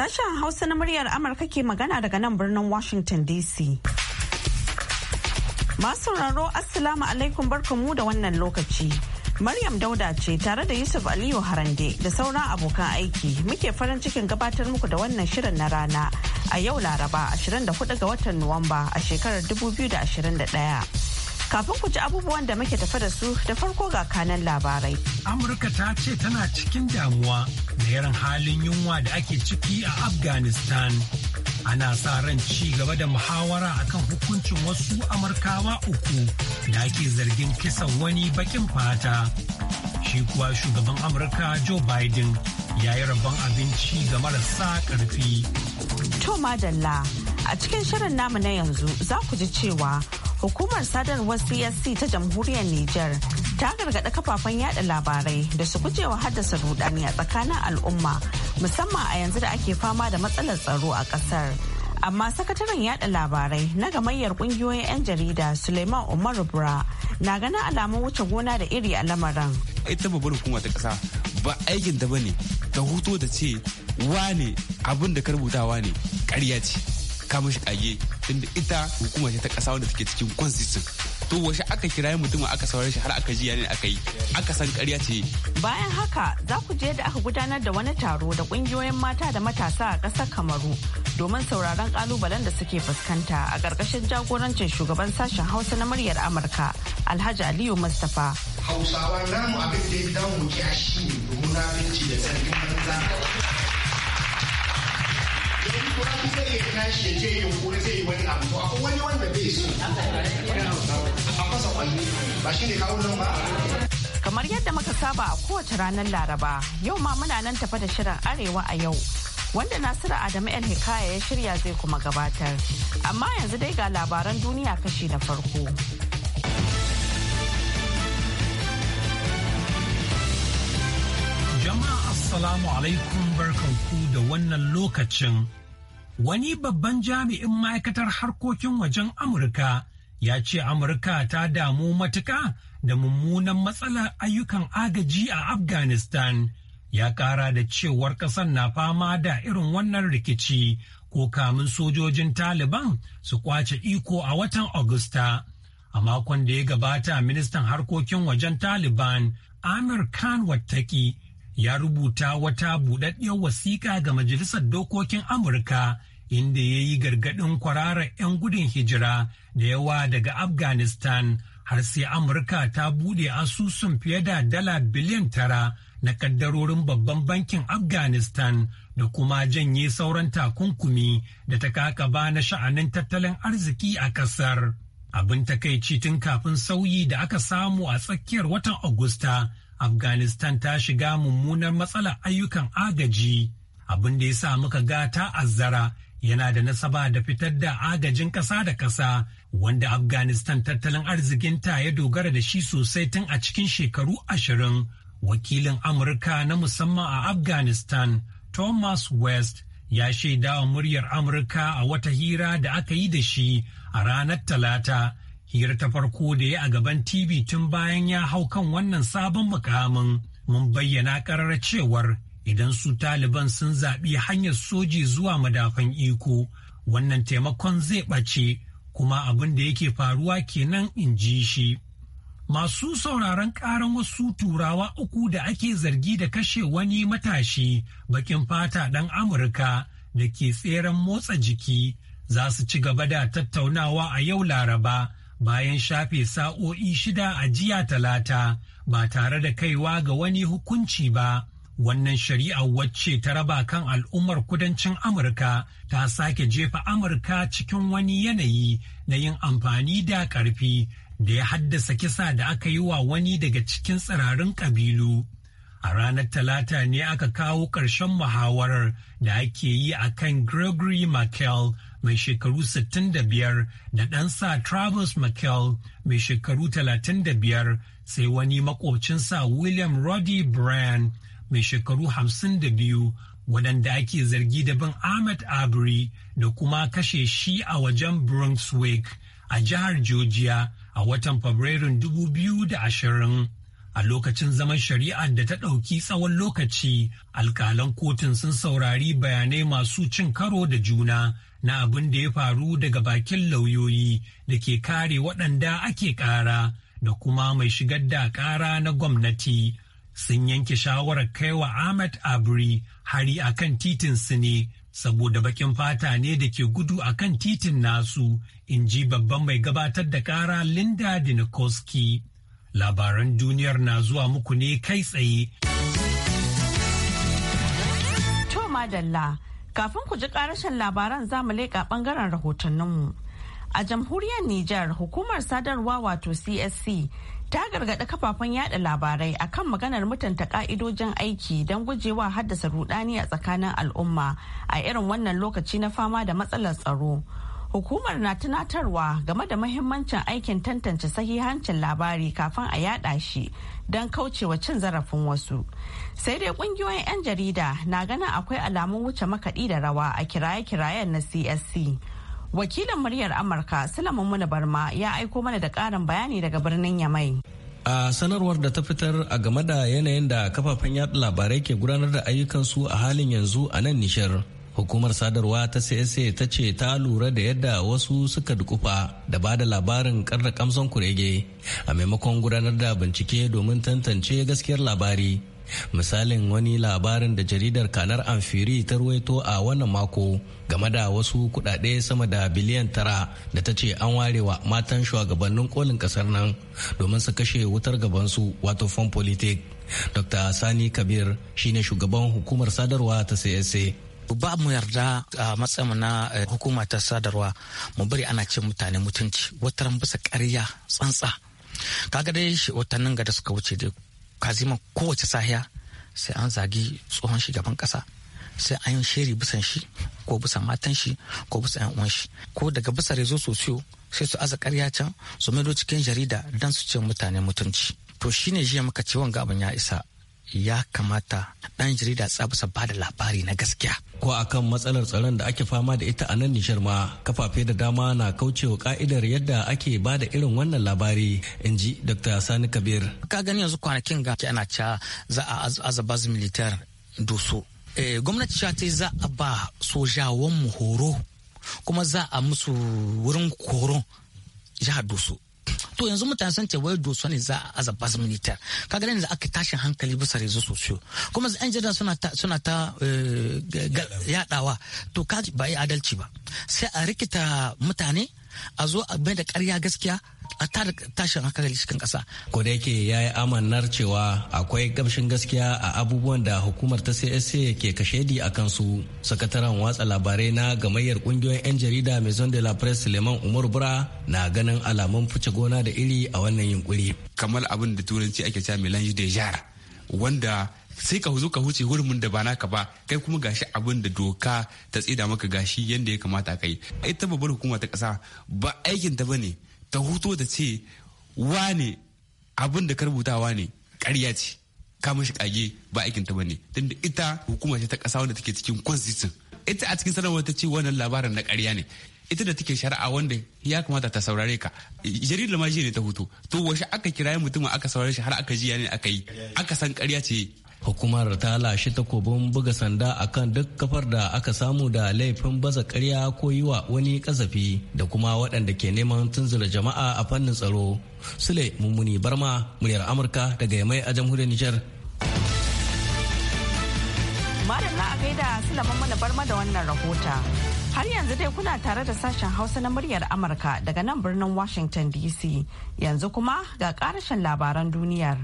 Sashen Hausa na muryar Amurka ke magana daga nan birnin Washington DC. Masu raro Assalamu alaikum barkamu da wannan lokaci. Maryam Dauda ce tare da Yusuf Aliyu Harande da sauran abokan aiki muke farin cikin gabatar muku da wannan shirin na rana a yau Laraba 24 ga watan Nuwamba a shekarar 2021. Kafin ku ji abubuwan da muke tafi da su da farko ga kanan labarai. Amurka ta ce tana cikin damuwa da yaran halin yunwa da ake ciki a Afghanistan. Ana sa ran ci gaba da muhawara akan hukuncin wasu Amurkawa uku da ake zargin kisan wani bakin fata. Shi kuwa shugaban Amurka Joe Biden ya yi rabon abinci ga marasa ƙarfi. To madalla a cikin shirin namu na yanzu za ku ji cewa hukumar sadarwar csc ta jamhuriyar niger ta gargaɗi kafafen yada labarai da su gujewa haddasa rudani a tsakanin al'umma musamman a yanzu da ake fama da matsalar tsaro a ƙasar amma sakataren yada labarai na gamayyar kungiyoyin 'yan jarida suleiman umar bura na ganin alamun wuce gona da iri a lamarin ita babbar hukuma ta kasa ba aikin ta bane ta hutu da ce wane abin da ka rubutawa ne ƙarya ce kama shi kage inda ita hukumar ta kasa wanda take cikin constitution to washe aka kira mutum aka saurare shi har aka ji yanin aka yi aka san karya ce bayan haka za ku je da aka gudanar da wani taro da kungiyoyin mata da matasa a ƙasar kamaru domin sauraron kalubalen da suke fuskanta a karkashin jagorancin shugaban sashen hausa na muryar amurka alhaji aliyu mustapha hausawa namu abin da ya damu kyashi ne domin da tsarki kamar yadda muka saba a kowace ranar laraba yau ma muna nan tafa da shirin arewa a yau wanda nasiru adamu el hikaya ya shirya zai kuma gabatar amma yanzu dai ga labaran duniya kashi na farko jama'a assalamu alaikum barkanku da wannan lokacin wani babban jami'in ma'aikatar harkokin wajen amurka ya ce amurka ta damu matuka da mummunan matsalar ayyukan agaji a afghanistan ya kara da cewar ƙasar na fama da irin wannan rikici ko kamun sojojin taliban su kwace iko a watan agusta a makon da ya gabata ministan harkokin wajen taliban amir khan wattaki ya rubuta wata buɗaɗɗiyar wasiƙa ga Majalisar Dokokin Amurka inda ya yi gargaɗin kwararar 'yan gudun hijira da yawa daga Afghanistan har sai Amurka ta buɗe asusun fiye da dala biliyan tara na kaddarorin babban bankin Afghanistan da kuma janye sauran takunkumi da ta ba na sha'anin tattalin arziki a ƙasar. Abin takaici tun kafin sauyi da aka samu a tsakiyar watan Agusta afghanistan ta shiga mummunar matsalar ayyukan agaji abin da ya sa muka ga azzara yana da nasaba da fitar da agajin ƙasa da ƙasa wanda afghanistan tattalin arzikinta ya dogara da shi sosai tun a cikin shekaru ashirin wakilin amurka na musamman a afghanistan thomas west ya shaida muryar amurka a wata hira da aka yi da shi a ranar talata hira ta farko da ya a gaban tv tun bayan ya hau kan wannan sabon mukamin mun bayyana karar cewar idan su taliban sun zaɓi hanyar soji zuwa madafan iko wannan taimakon zai ɓace kuma abin da yake faruwa kenan in ji shi masu sauraron ƙaran wasu turawa uku da ake zargi da kashe wani matashi bakin fata ɗan amurka da ke tseren motsa jiki za su ci gaba da tattaunawa a yau laraba bayan shafe sa'o'i shida a jiya talata ba tare da kaiwa ga wani hukunci ba. Wannan shari'a wacce ta raba kan al'ummar kudancin Amurka ta sake jefa Amurka cikin wani yanayi na yin amfani da ƙarfi da ya haddasa kisa da aka yi wa wani daga cikin tsirarin ƙabilu. A ranar Talata ne aka kawo ƙarshen muhawarar da ake yi a kan Gregory Markel mai shekaru 65 da ɗansa Travis McKell mai shekaru 35 sai wani makwabcinsa William Roddy Bryan mai shekaru 52 waɗanda ake zargi da bin Ahmed Abri da kuma kashe shi a wajen Brunswick a jihar Georgia a watan Fabrairun 2020. A lokacin zaman shari'ar da ta ɗauki tsawon lokaci, alkalan kotun sun saurari bayanai masu cin karo da juna na abin da ya faru daga bakin lauyoyi da ke kare waɗanda ake ƙara da kuma mai shigar da ƙara na gwamnati sun yanke shawarar kaiwa Ahmed Abri hari a kan titinsu ne saboda bakin fata ne da ke gudu a kan titin nasu in ji babban mai gabatar da ƙara Linda Dinikoski. Labaran duniyar na zuwa muku ne kai tsaye. To madalla. Kafin ku ji karashin labaran zamu leƙa ɓangaren rahotanninmu. A jamhuriyar Nijar hukumar sadarwa wato CSC ta gargaɗi kafafen yada labarai akan maganar mutunta ka'idojin aiki don gujewa haddasa rudani a tsakanin al'umma a irin wannan lokaci na fama da matsalar tsaro hukumar na tunatarwa game da mahimmancin aikin tantance sahihancin labari kafin a yada shi don kaucewa cin zarafin wasu. Sai dai kungiyoyin 'yan jarida na ganin akwai alamun wuce makaɗi da rawa a kiraye-kirayen na CSC. Wakilin muryar Amurka Sulaiman Muna Barma ya aiko mana da ƙarin bayani daga birnin Yamai. a sanarwar da ta fitar a game da yanayin da kafafen yada labarai ke gudanar da ayyukansu a halin yanzu a nan nishar hukumar sadarwa ta csa ta ce ta lura da yadda wasu suka dukufa da ba da labarin karra kamson kurege a maimakon gudanar da bincike domin tantance gaskiyar labari misalin wani labarin da jaridar kanar amfiri ta ruwaito a wannan mako game da wasu kudade sama da biliyan tara da ta ce an warewa matan shugabannin kolin kasar nan domin su kashe wutar gabansu wato fon politik dr sani kabir shine shugaban hukumar sadarwa ta csa ba mu yarda a matsayin na eh, hukuma ta sadarwa mu bari ana ce mutane mutunci ran bisa karya tsantsa kaga dai shi watannin ga da suka wuce dai kazima kowace sahiya sai an zagi tsohon shugaban kasa sai an yi shiri bisan shi ko bisa matan shi ko bisa yan uwan shi ko daga bisa rezo sosiyo sai su aza ƙarya can su maido cikin jarida don su ce mutane mutunci to shine jiya muka ce wanga abin ya isa ya kamata ɗan jarida tsabusa ba da labari na gaskiya. Ko akan matsalar tsaron da ake fama da ita a nan Nishar ma kafafe da dama na kaucewa ka'idar yadda ake ba da irin wannan labari in ji Dr. Sani Kabir. Ka gani yanzu kwanakin ga ana ca za a azabaz militar doso. Eh, gwamnati ta ce za a ba sojawan mu horo kuma za a musu wurin koron jihar doso. to yanzu mutane san ce wai doso ne za a zaba su militar kaga yanzu aka tashin hankali bisa rezo sosiyo kuma yan jarida suna ta suna ta eh, yadawa to ka ba yi adalci ba sai a rikita mutane a zo a bai da karya gaskiya a tada tashin hankali cikin ƙasa. Ko da yake ya yi amannar cewa akwai gamshin gaskiya a abubuwan da hukumar ta CSA ke kashedi a kansu. Sakataren watsa labarai na gamayyar ƙungiyoyin 'yan jarida Maison de la Presse Suleiman Umar Bura na ganin alamun fice gona da iri a wannan yunkuri. Kamar abin da turanci ake cewa melange de jar wanda sai ka zo ka huce hurumin da ba naka ba kai kuma gashi abin da doka ta tsida maka gashi yadda ya kamata kai ita babbar hukuma ta kasa ba aikin ta bane ta huto da ce wane abin da ka rubutawa ne ƙarya ce ka mashi kage ba aikin ta bane tunda ita hukuma ce ta kasa wanda take cikin constitution ita a cikin sanarwar ta ce wannan labarin na ƙarya ne ita da take shari'a wanda ya kamata ta saurare ka jaridar ma ne ta hutu to washe aka kira mutum aka saurare shi har aka ji ne aka yi aka san karya ce hukumar ta lashe takobin buga sanda akan duk kafar da aka samu da laifin baza karya ko yi wa wani kasafi da kuma waɗanda ke neman tunzura jama'a a fannin tsaro sule mummuni barma muryar amurka daga yamai a jamhuriyar nijar barma da wannan rahota har yanzu dai kuna tare da sashen hausa na muryar amurka daga nan birnin washington dc yanzu kuma ga ƙarashin labaran duniyar.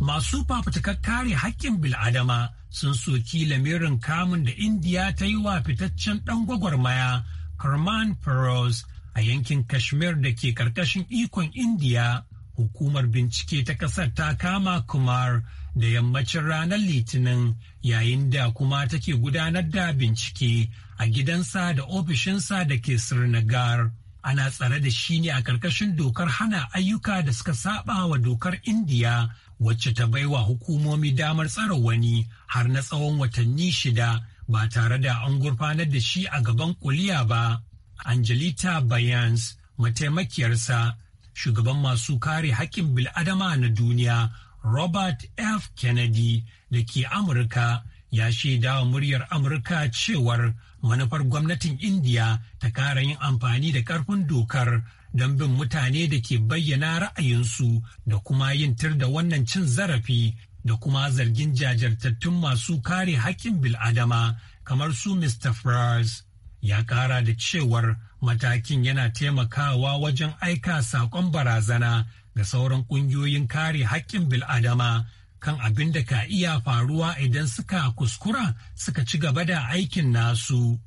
masu fafutukar kare hakkin bil'adama sun soki lamirin kamun da indiya ta yi wa fitaccen ɗan gwagwarmaya karman feroz a yankin kashmir da ke ƙarƙashin ikon indiya hukumar bincike ta ƙasar ta kama kumar da yammacin ranar litinin yayin da kuma take gudanar da bincike a gidansa da ofishinsa da ke sirnagar ana tsare da shi ne a ƙarƙashin dokar hana ayyuka da suka saba wa dokar indiya wacce ta baiwa hukumomi damar tsara wani har na tsawon watanni shida ba tare da an gurfanar da shi a gaban kuliya ba. Angelita Bayans, mataimakiyarsa, shugaban masu kare hakkin bil'adama na duniya, Robert F. Kennedy da ke Amurka, ya shaida wa muryar Amurka cewar manufar gwamnatin India ta kara yin amfani da karfin dokar don bin mutane da ke bayyana ra'ayinsu da kuma yin tir da wannan cin zarafi da kuma zargin jajirtattun masu kare hakkin bil'adama kamar su Mr. Frars Ya ƙara da cewar matakin yana taimakawa wajen aika saƙon barazana ga sauran ƙungiyoyin kare hakkin bil'adama kan abin da ka iya faruwa idan suka kuskura suka ci gaba da aikin nasu.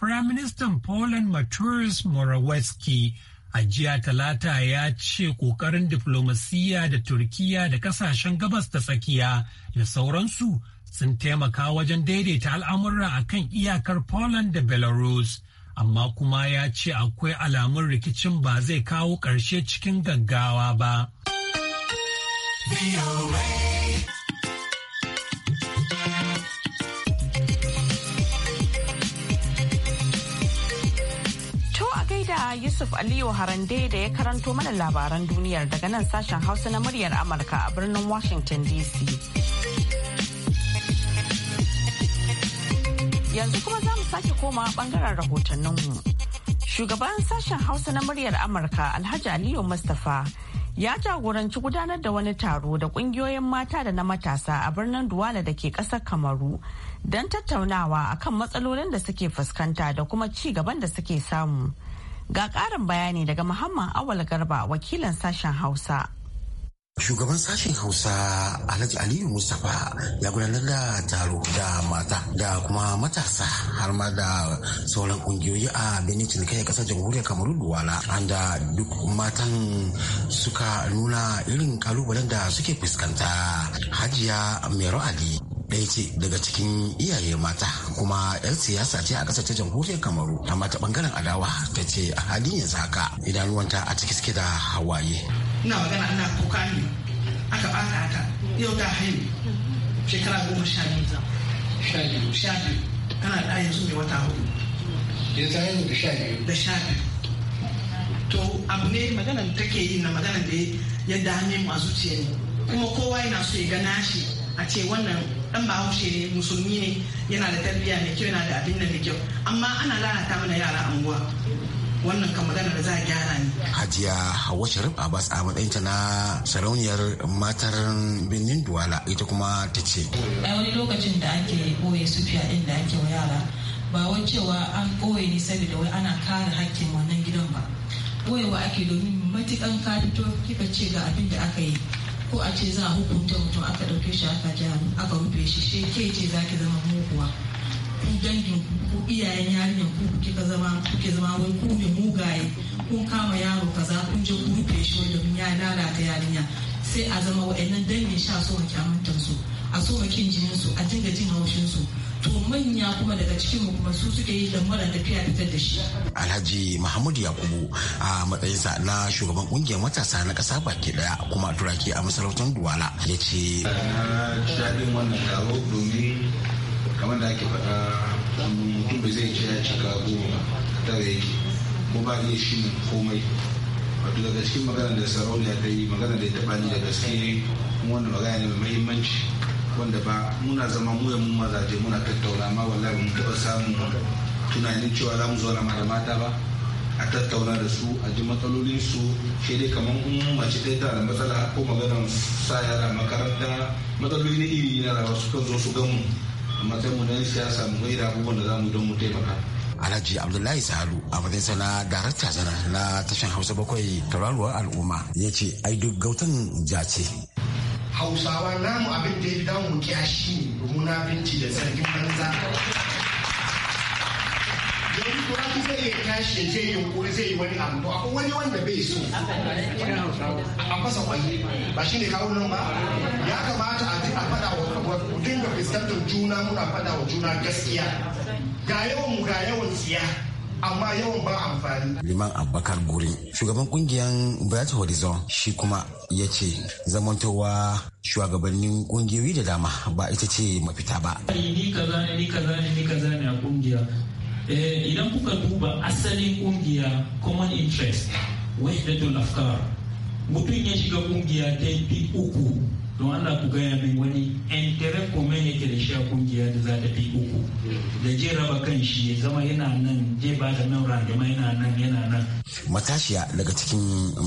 Firaministan Poland Mateusz Morawiecki a jiya talata ya ce kokarin diflomasiyya da turkiya da kasashen gabas ta tsakiya da sauransu sun taimaka wajen daidaita al'amura a kan iyakar poland da belarus amma kuma ya ce akwai alamun rikicin ba zai kawo ƙarshe cikin gaggawa ba. Yusuf Aliyu Harande da ya karanto mana labaran duniyar daga nan sashen Hausa na muryar Amurka a birnin Washington DC. Yanzu kuma za mu sake koma bangaren rahotanninmu. Shugaban sashen Hausa na muryar Amurka Alhaji Aliyu Mustapha ya jagoranci gudanar da wani taro da kungiyoyin mata da na matasa a birnin Duwala da ke ƙasar Kamaru don tattaunawa akan matsalolin da suke fuskanta da kuma ci gaban da suke samu. Ga ƙarin bayani daga Muhammad Awal Garba wakilin sashen Hausa. Shugaban sashen Hausa Alhaji Aliyu Mustapha ya gudanar da taro da mata da kuma matasa har ma da sauran kungiyoyi a Benin Cinikai kasar jamhuriyar Kamaru Duwala da duk matan suka nuna irin kalubalen da suke fuskanta. Hajiya Mero Ali ɗaya ce daga cikin iyaye mata kuma 'yar siyasa ce a ƙasar ta jamhuriyar kamaru amma ta ɓangaren adawa ta ce a halin yanzu haka idanuwanta a ciki suke da hawaye. ina magana ana kuka ne aka ɓata haka yau ta haihu shekara goma sha biyu sha biyu kana da yanzu mai wata hudu. yanzu haini da sha biyu. da sha biyu. to abu ne maganan take yi na maganan da yadda hannun masu a ne kuma kowa yana so ya ga nashi a ce wannan dan bahaushe ne musulmi ne yana da tarbiyya mai kyau yana da abin da mai kyau amma ana lalata mana yara anguwa wannan kan magana da za a gyara ne. Hajiya Hauwa Sharif Abbas a matsayinta na sarauniyar matar birnin Duwala ita kuma ta ce. A wani lokacin da ake ɓoye su ɗin da ake wa yara ba wai cewa an ɓoye ne saboda wai ana kare hakkin wannan gidan ba. Ɓoyewa ake domin matukan ka kika ce ga abin da aka yi ko a ce za a hukunta mutum aka ɗauke shi aka ja aka rufe shi shi ke ce za ki zama muguwa ku dangin ku iyayen yarinyar ku kika zama kuke zama wai ku ne mugaye kun kama yaro kaza kun je ku rufe shi wai domin ya lalata yarinya sai a zama wa'annan dangin sha so ki amintan su a so kin jinin su a dinga jin haushin su to manya kuma daga cikin mu kuma su suke yi da mara tafiya fitar da shi alhaji muhammadu yakubu a matsayinsa na shugaban kungiyar matasa na kasa baki daya kuma turaki a masarautar duwala ya ce daɗin wannan taro domin kamar da ake faɗa mutum bai zai ce ya cika goma tare yake ko ba ne shi komai wato daga cikin magana da sarauniya ta yi magana da ya taɓa ni da gaske wannan magana ne mai mahimmanci wanda ba muna zama mu mun mazaje muna tattauna ma wallahi mun taba samun tunanin cewa za mu zauna da mata ba a tattauna da su a ji matsalolin su shi dai kamar in mace ta da matsala ko maganar sa yara makaranta matsaloli na iri na su suka zo su gamu a matsayin mu na siyasa mu ira abubuwan da za mu don mu taimaka Alhaji Abdullahi Salu a matsayinsa na darakta zana na tashin Hausa bakwai tauraruwar al'umma ya ce ai duk gautan jace hausawa namu abin da ya fi damu shi ne munafinci da sarkin banza yanzu ko aki zai ya tashi ya yi yunkuri zai yi wani abu akwai wani wanda bai so a fasa kwaye ba shi ne kawo nan ba ya kamata a fada wa dinga fuskantar juna muna fada wa juna gaskiya ga yawan mu ga yawan amma yawan ba amfani. Liman Abubakar Guri, shugaban kungiyan Bright Horizon shi kuma ya ce zamantowa shugabannin kungiyoyi da dama ba ita ce mafita ba. Ni kaza ne, ni kaza ne, ni kaza ne a kungiya. Eh, idan kuka duba asalin kungiya common interest, wahdatul afkar. Mutum ya shiga kungiya ta uku don Allah ku gaya min wani entere komen yake da sha kungiya da za ta fi uku da je raba kan shi ya zama yana nan je ba da nan randama yana nan yana nan. Matashiya daga cikin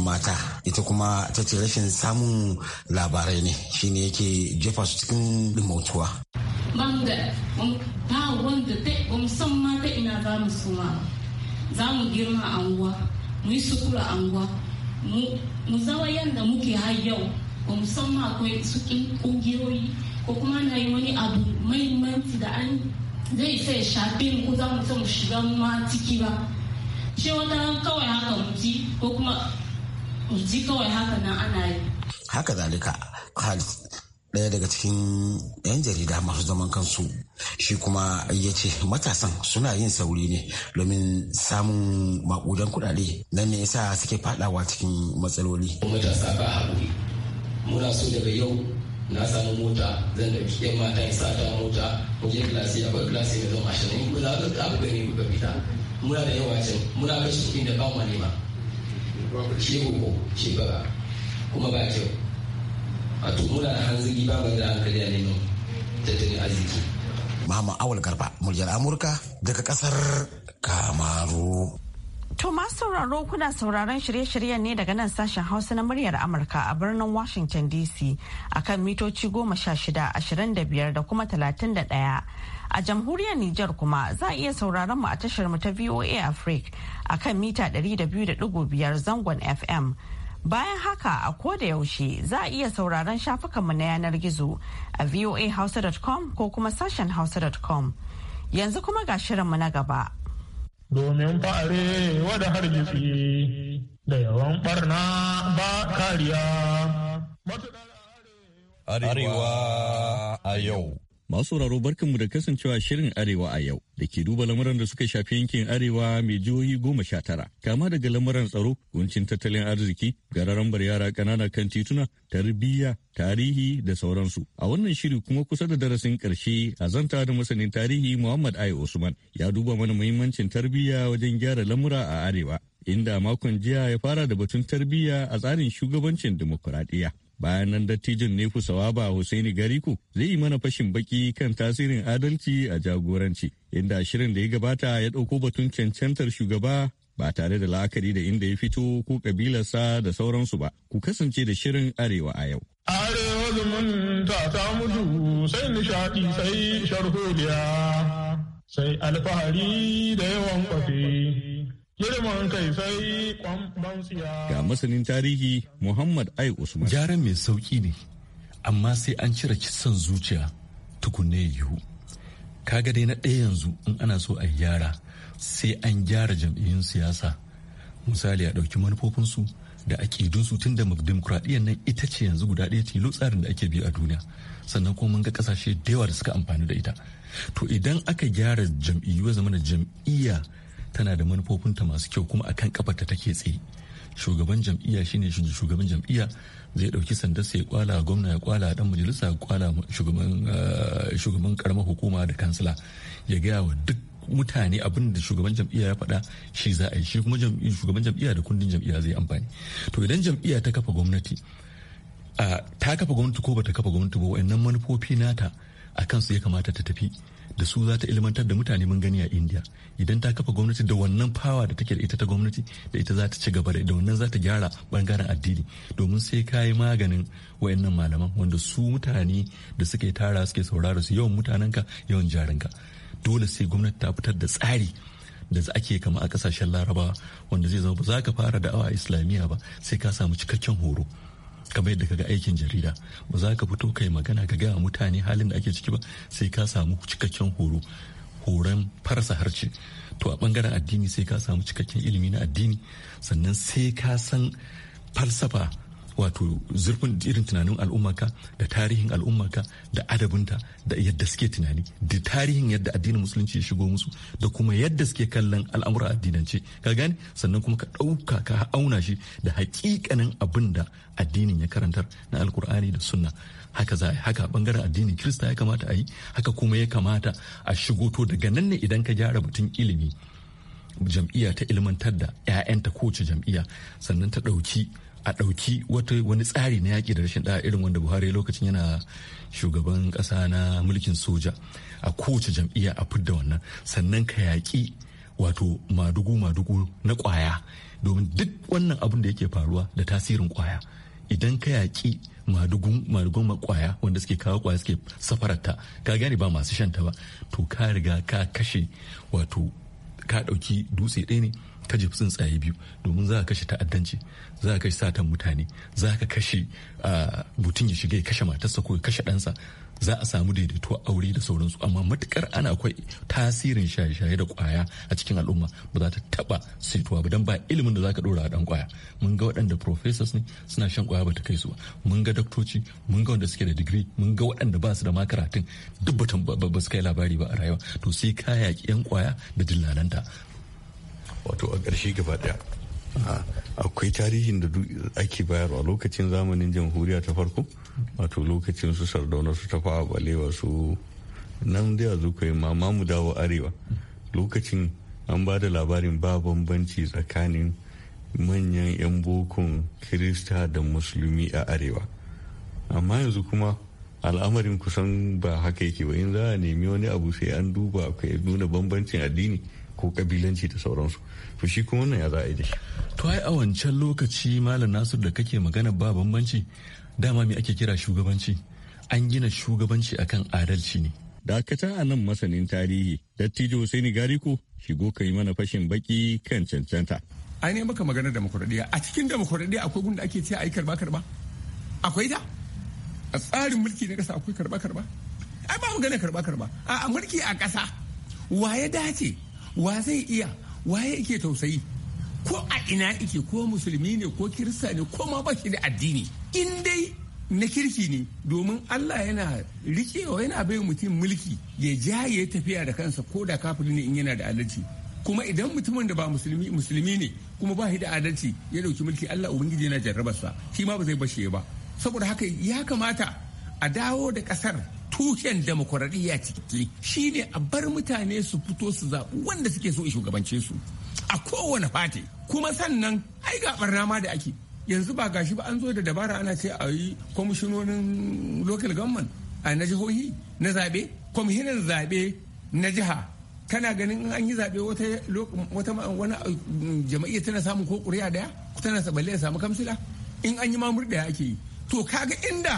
mata ita kuma ta ce rashin samun labarai ne shine yake jefa su cikin dimautuwa. Banga ba ta ina za mu suma za mu girma anguwa mu yi sukura anguwa mu zawa yadda muke har yau ba musamman akwai su kungiyoyi ko kuma na yi wani abu mahimmanci da an zai sai shafi mu ko za mu mu shiga ma ciki ba shi wata kawai haka muti ko kuma muti kawai haka nan ana yi haka zalika ɗaya daga cikin 'yan jarida masu zaman kansu shi kuma ya ce matasan suna yin sauri ne domin samun makudan kudade nan ne yasa suke fadawa cikin matsaloli matasa ba haƙuri muna so daga yau na samu mota zan da yan mata in sata mota mu je klasi akwai klasi mai zama ashirin ba za ka abu gani muka fita muna da yawa can muna kashe kuɗin da ba mu nema shi ko shi ba kuma ba kyau a to muna da hanzari ba mu da hankali a neman tattalin arziki Mama Awal Garba, muryar Amurka daga kasar Kamaru. To sauraro kuna sauraron shirye-shiryen ne daga nan sashen Hausa na muryar Amurka a birnin Washington DC a kan mitoci goma sha shida ashirin da biyar da kuma talatin da ɗaya. A jamhuriyar Nijar kuma za a iya sauraron mu a tashar mu ta VOA Africa a kan mita ɗari da biyu da ɗigo biyar zangon FM. Bayan haka a ko da yaushe za a iya sauraron shafukanmu na yanar gizo a voahausa.com ko kuma sashen hausa.com. Yanzu kuma ga shirinmu na gaba. domin fa'are wada hargitsi da yawan barna ba kariya. Arewa a yau. Masu sauraro barkanmu da kasancewa shirin Arewa a yau da ke duba lamuran da suka shafi yankin Arewa mai jihohi goma sha tara. Kama daga lamuran tsaro, kuncin tattalin arziki, gararan bar yara ƙanana kan tituna, tarbiyya, tarihi da sauransu. A wannan shiri kuma kusa da darasin ƙarshe a zanta da masanin tarihi Muhammad Ai Usman ya duba mana muhimmancin tarbiyya wajen gyara lamura a Arewa. Inda makon jiya ya fara da batun tarbiyya a tsarin shugabancin dimokuraɗiyya. bayan nan dattijin ne sawaba Hussaini Gariku zai yi mana fashin baki kan tasirin adalci a jagoranci inda shirin da ya gabata ya ɗauko batun cancantar shugaba ba tare da la'akari da inda ya fito ko kabilarsa da sauransu ba ku kasance da shirin arewa a yau. Arewa zumunta ta mutu sai nishaɗi sai sharholiya sai alfahari da yawan kwafe. Ga masanin tarihi Muhammad Ai Usman. Gyaran mai sauƙi ne, amma sai an cire kisan zuciya tukunne yiwu. Kaga dai na ɗaya yanzu in ana so a gyara sai an gyara jam'iyyun siyasa. Misali a ɗauki manufofinsu da aƙidunsu tun da dimokuraɗiyyar nan ita ce yanzu guda ɗaya tilo tsarin da ake bi a duniya. Sannan kuma mun ga ƙasashe da yawa da suka amfani da ita. To idan aka gyara jam'iyyu zama da jam'iyya tana da manufofinta masu kyau kuma akan ta take tsaye shugaban jam'iyya shine shugaban jam'iyya zai dauki sanda sai kwala gwamna ya kwala dan majalisa kwala shugaban eh, shugaban karamar hukuma da kansila ya gaya wa duk mutane abin da shugaban jam'iyya ya faɗa shi za a yi shi kuma shugaban jam'iyya da kundin jam'iyya zai amfani to idan jam'iyya ta kafa gwamnati ta kafa gwamnati ko bata kafa gwamnati ba wayannan manufofi nata a kansu ya kamata ta tafi da su za ta ilmantar da mutane mun gani a india idan ta kafa gwamnati da wannan fawa da take da ita ta gwamnati da ita za ta ci gaba da wannan za ta gyara bangaren addini domin sai kayi maganin wayannan malaman wanda su mutane da suke tara suke saurara su yawan mutanenka yawan jarin ka dole sai gwamnati ta fitar da tsari da ake kama a kasashen larabawa wanda zai zama ba za ka fara da'awa islamiyya ba sai ka samu cikakken horo kamar yadda kaga aikin jarida ba za ka fito kai magana ka gaya mutane halin da ake ciki ba sai ka samu cikakken horo horon farsa harce to a bangaren addini sai ka samu cikakken ilimi na addini sannan sai ka san falsafa wato zurfin irin tunanin al'ummarka da tarihin al'ummarka da adabinta da yadda suke tunani da tarihin yadda addinin musulunci ya shigo musu da kuma yadda suke kallon al'amura addinance ka gani sannan kuma ka ɗauka ka auna shi da hakikanin abin da addinin ya karantar na alkur'ani da sunna haka za a haka bangaren addinin kirista ya kamata a yi haka kuma ya kamata a shigo to daga nan ne idan ka gyara batun ilimi jam'iyya ta ilmantar da 'ya'yanta kowace jam'iyya sannan ta ɗauki a ɗauki wani tsari na yaƙi da rashin ɗaya irin wanda buhari lokacin yana shugaban ƙasa na mulkin soja a kowace jam'iyya a fidda wannan sannan ka yaƙi wato madugu-madugu na ƙwaya domin duk wannan abin da yake faruwa da tasirin ƙwaya idan ka yaƙi madugun madugun makwaya wanda suke kawo kwaya suke safararta ka gane ba masu shanta ba to ka riga ka kashe wato ka ɗauki dutse ɗaya ne ta jefi tsuntsaye biyu domin za ka kashe ta'addanci za ka kashe satan mutane za ka kashe mutum ya shiga ya kashe matarsa ko ya kashe ɗansa za a samu daidaito aure da sauransu amma matukar ana akwai tasirin shaye-shaye da kwaya a cikin al'umma ba za ta taba saituwa ba don ba ilimin da za ka dora dan kwaya mun ga waɗanda professors ne suna shan kwaya ba ta kai su ba mun ga doktoci mun ga wanda suke da digiri mun ga waɗanda ba su da makaratun duk ba su kai labari ba a rayuwa to sai ka yaƙi yan kwaya da dillalanta wato a ƙarshe gaba ɗaya akwai tarihin da ake bayarwa lokacin zamanin jamhuriya ta farko wato lokacin su sardauna su tafa balewa su nan da yanzu kai mama mu dawo arewa lokacin an ba da labarin ba bambanci tsakanin manyan 'yan bokon kirista da musulmi a arewa amma yanzu kuma al'amarin kusan ba haka yake ba in za a nemi wani abu sai an duba akwai nuna bambancin addini ko kabilanci da sauransu to shi kuma wannan ya za a yi da shi to ai a wancan lokaci malam nasir da kake magana ba bambanci dama me ake kira shugabanci an gina shugabanci akan adalci ne dakata a nan masanin tarihi dattijo gari Gariko shigo ka yi mana fashin baki kan cancanta ai ne maka maganar demokuraɗiyya a cikin demokuraɗiyya akwai gunda ake ce a yi karba karba akwai ta a tsarin mulki na kasa akwai karba karba ai ba maganar karba karba a mulki a kasa waye dace wa zai iya waye yake tausayi ko a ina ike ko musulmi ne ko kirista ne ko ma baki da addini in dai na kirki ne domin Allah yana rikewa yana bai mutum mulki ya ja ya tafiya da kansa ko da kafiri ne in yana da adalci kuma idan mutumin da ba musulmi musulmi ne kuma ba shi da adalci ya dauki mulki Allah ubangiji yana jarrabarsa shi ma ba zai bashe ba saboda haka ya kamata a dawo da kasar tushen demokuraɗiyya ciki ne a bar mutane su fito su zaɓi wanda suke so shugabance su a kowane fati kuma sannan ai ga barna ma da ake yanzu ba gashi ba an zo da dabara ana ce a yi kwamishinonin local government a na jihohi na zaɓe kwamishinan zaɓe na jiha kana ganin an yi zaɓe wata wani uh, jama'iyyar tana samun ko ƙuri'a daya tana ya samu kamsila in an yi mamur daya ake yi to kaga inda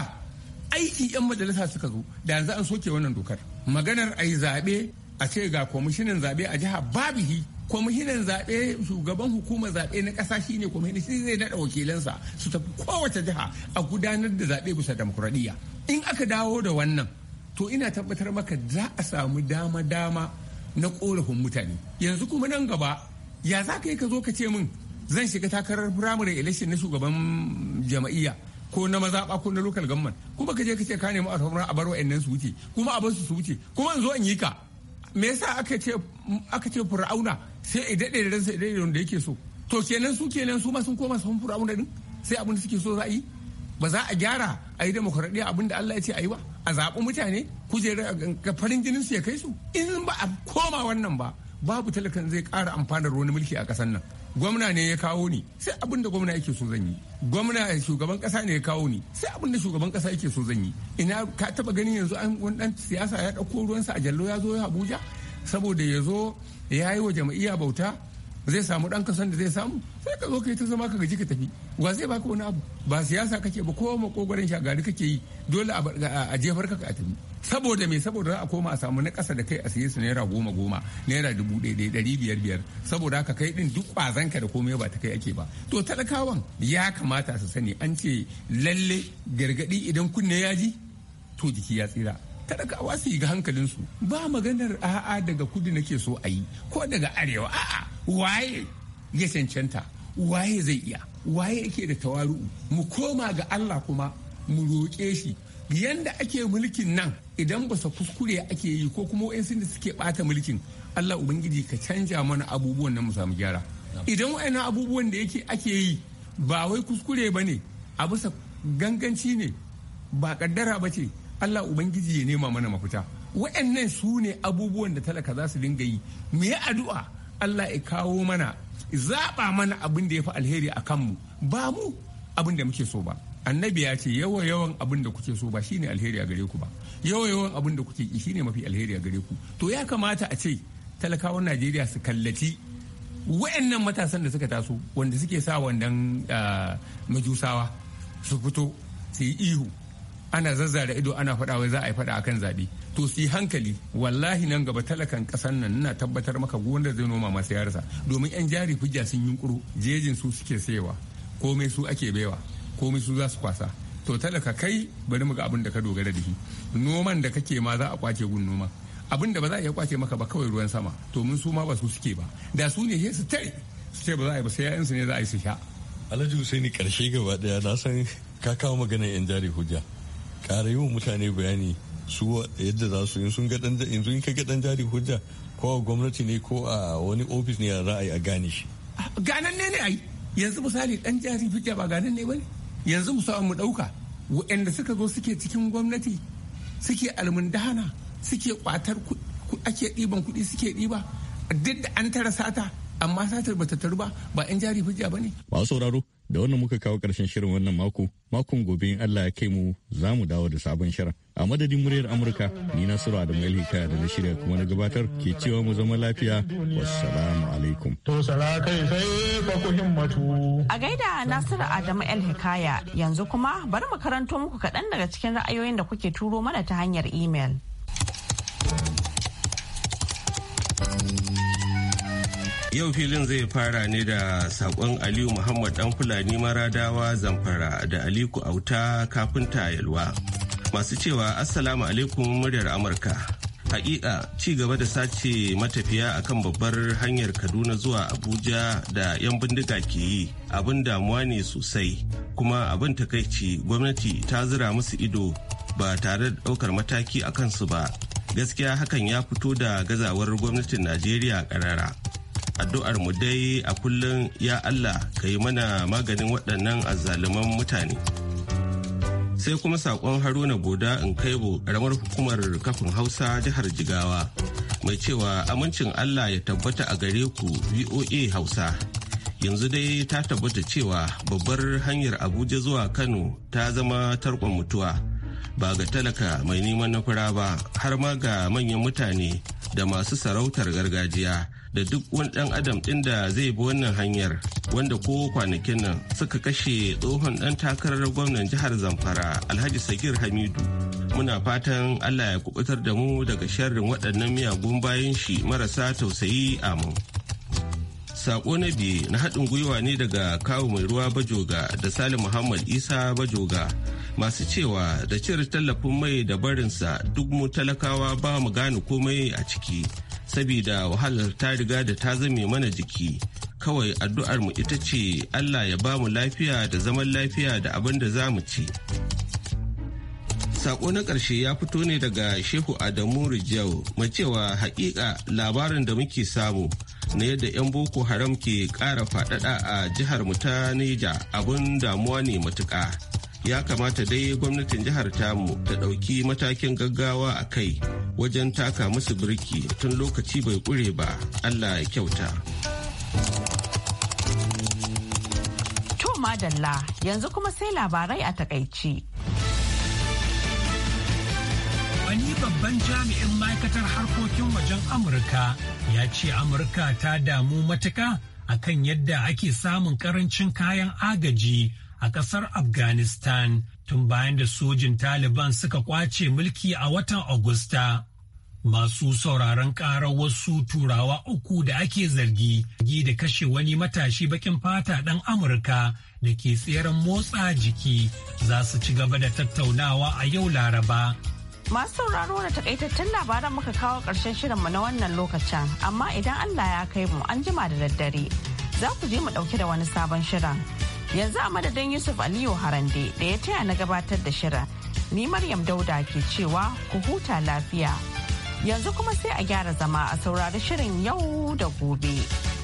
aiki 'yan majalisa suka zo da yanzu an soke wannan dokar maganar a yi zaɓe a ce ga kwamishinan zaɓe a jiha babihi kwamishinan zaɓe shugaban hukumar zaɓe na ƙasa shi ne kwamishinan shi zai daɗa wakilansa su tafi kowace jiha a gudanar da zaɓe bisa demokuraɗiyya in aka dawo da wannan to ina tabbatar maka za a samu dama-dama na korafin mutane yanzu kuma nan gaba ya za ka yi ka zo ka ce min zan shiga takarar firamare election na shugaban jama'iyya ko na mazaɓa ko na lokal government kuma ka je ka ce ka nemi alfarma a bar wa'annan su wuce kuma a bar su su wuce kuma in zo in yi ka me yasa aka ce aka fir'auna sai ya daɗe da ransa ya daɗe da yake so to kenan su kenan su ma sun koma sun fir'auna din sai abin da suke so za a yi ba za a gyara a yi demokuraɗiyya abin da Allah ya ce a yi ba a zaɓi mutane kujerar ga farin jinin su ya kai su in ba a koma wannan ba babu talakan zai ƙara amfanar wani mulki a ƙasar nan gwamna ne ya kawo ni sai abin da gwamna yake so zan yi gwamna eh, shugaban kasa ne ya kawo ni sai abin da shugaban kasa yake so zan yi ina ka taba ganin yanzu an wannan siyasa ya dauko ruwansa a jallo ya zo ya Abuja saboda ya zo ya yi wa jama'iya bauta zai samu ɗan kasan da zai samu sai ka zo ka yi ta zama ka gaji ka tafi wa zai baka wani abu ba siyasa kake ba kowa kogwaren shagari kake yi dole a jefar ka a tafi saboda me saboda za a koma a samu na kasa da kai a siye su naira goma goma naira dubu ɗaya ɗari biyar biyar saboda haka kai din duk kwazan ka da komai ba ta kai ake ba to talakawan ya kamata su sani an ce lalle gargaɗi idan kunne ya ji to jiki ya tsira talakawa su yi ga hankalinsu ba maganar a'a daga kudu nake so a yi ko daga arewa a'a waye ya cancanta waye zai iya waye yake da tawaru'u mu koma ga Allah kuma mu roƙe shi yanda ake mulkin nan idan ba sa kuskure ake yi ko kuma wa'yansu da suke bata mulkin Allah ubangiji ka canja mana abubuwan nan mu samu gyara idan wa'annan abubuwan da yake ake yi ba wai kuskure ba ne a bisa ganganci ne ba kaddara ba ce Allah ubangiji ya nema mana mafita wa'annan su ne abubuwan da talaka za su dinga yi me yi addu'a Allah ya kawo mana zaɓa mana abin da ya fi alheri a kanmu ba mu abin da muke so ba annabi ya ce yawa yawan abin da kuke so ba shine alheri a gare ku ba yawa yawan abin da kuke ki shine mafi alheri a gare ku to ya kamata a ce talakawan Najeriya su kallaci wayannan matasan da suka taso wanda suke sa wannan ah, majusawa su fito su yi ihu ana zazzara ido ana faɗa wai za a yi faɗa akan zaɓe to su hankali wallahi nan gaba talakan ƙasar nan na tabbatar maka da zai noma masu yarsa domin yan jari hujja sun yi yunkuru jejin su suke sayewa komai su ake baiwa komai su za su kwasa to talaka kai bari mu ga abin da ka dogara da shi noman da kake ma za a kwace gun noma abin da ba za a iya kwace maka ba kawai ruwan sama domin su ma ba su suke ba da su ne sai su tare su ce ba za a yi ba sai 'ya'yansu ne za a yi su sha alhaji husaini karshe gaba daya na san ka kawo magana yan jari hujja kara yi wa mutane bayani su yadda za su yi sun ga dan yanzu in ka ga dan jari hujja ko a gwamnati ne ko a wani ofis ne a yi a gane shi ah, ganan ne ne ai yanzu misali dan jari hujja ba ganan ne bane yanzu mu mu dauka waɗanda suka zo suke cikin gwamnati suke almundahana suke kwatar ake ɗiban kuɗi suke ɗiba duk da an tara sata amma satar bata taru ba ba yan jari hujja ba ne. masu sauraro da wannan muka kawo karshen shirin wannan mako makon gobe in Allah ya kai mu za mu dawo da sabon shirin a madadin muryar amurka ni na sura da mai hikaya da na shirya kuma na gabatar ke cewa mu zama lafiya wassalamu alaikum. to sala kai sai fa ku himmatu. a gaida nasiru adamu el hikaya yanzu kuma bari mu karanto muku kaɗan daga cikin ra'ayoyin da kuke turo mana ta hanyar imel. Yau filin zai fara ne da saƙon Aliyu Muhammad ɗan Fulani Maradawa Zamfara da Aliku Auta kafinta Yalwa. Masu cewa Assalamu alaikum muryar Amurka. Hakika ci gaba da sace matafiya akan babbar hanyar Kaduna zuwa Abuja da 'yan bindiga ke yi abin damuwa ne sosai kuma abin takaici gwamnati ta zira musu ido ba tare da ɗaukar mataki a kansu ba. Gaskiya hakan ya fito da gazawar gwamnatin Najeriya ƙarara. addu'ar mu dai a kullum ya Allah ka yi mana maganin waɗannan azzaluman mutane. Sai kuma saƙon Haruna Boda in kaibo ƙaramar hukumar kafin Hausa jihar Jigawa mai cewa amincin Allah ya tabbata a gare ku VOA Hausa. Yanzu dai ta tabbata cewa babbar hanyar Abuja zuwa Kano ta zama tarkon mutuwa. Ba ga talaka mai neman na fura ba har ma ga manyan mutane da masu sarautar gargajiya. da duk wani dan adam ɗin da zai bi wannan hanyar wanda ko kwanakin nan suka kashe tsohon ɗan takarar gwamnan jihar zamfara alhaji sagir hamidu muna fatan allah ya kubutar da mu daga sharrin waɗannan miyagun bayan shi marasa tausayi amin sako na biye na haɗin gwiwa ne daga kawo mai ruwa bajoga da salim muhammad isa bajoga masu cewa da cire tallafin mai da barinsa duk mu talakawa ba mu gane komai a ciki saboda wahalar ta riga da ta zame mana jiki kawai addu'ar mu ita ce allah ya ba mu lafiya da zaman lafiya da abin da za mu ci sako na ƙarshe ya fito ne daga shehu adamu rijau mai cewa hakika labarin da muke samu na yadda 'yan boko haram ke ƙara faɗaɗa a jihar mu ta neja abin damuwa ne matuƙa ya kamata dai gwamnatin jihar tamu ta ɗauki matakin gaggawa a kai wajen taka musu birki tun lokaci bai ƙure ba allah ya kyauta to madalla yanzu kuma sai labarai a takaici wani babban jami'in ma'aikatar harkokin wajen amurka ya ce amurka ta damu matuka akan yadda ake samun karancin kayan agaji a ƙasar Afghanistan tun bayan da sojin Taliban suka kwace mulki a watan Agusta. Masu sauraron karar wasu turawa uku da ake zargi gi da kashe wani matashi bakin fata ɗan Amurka da ke tseren motsa jiki za su ci gaba da tattaunawa a yau Laraba. Masu sauraro da takaitattun labaran muka kawo ƙarshen shirinmu na wannan lokacin, amma idan Allah ya kai mu an jima da daddare, za ku je mu ɗauke da wani sabon shirin. yanzu a madadin yusuf aliyu harande da ya taya na gabatar da shirin ni maryam dauda ke cewa ku huta lafiya yanzu kuma sai a gyara zama a saurari shirin yau da gobe.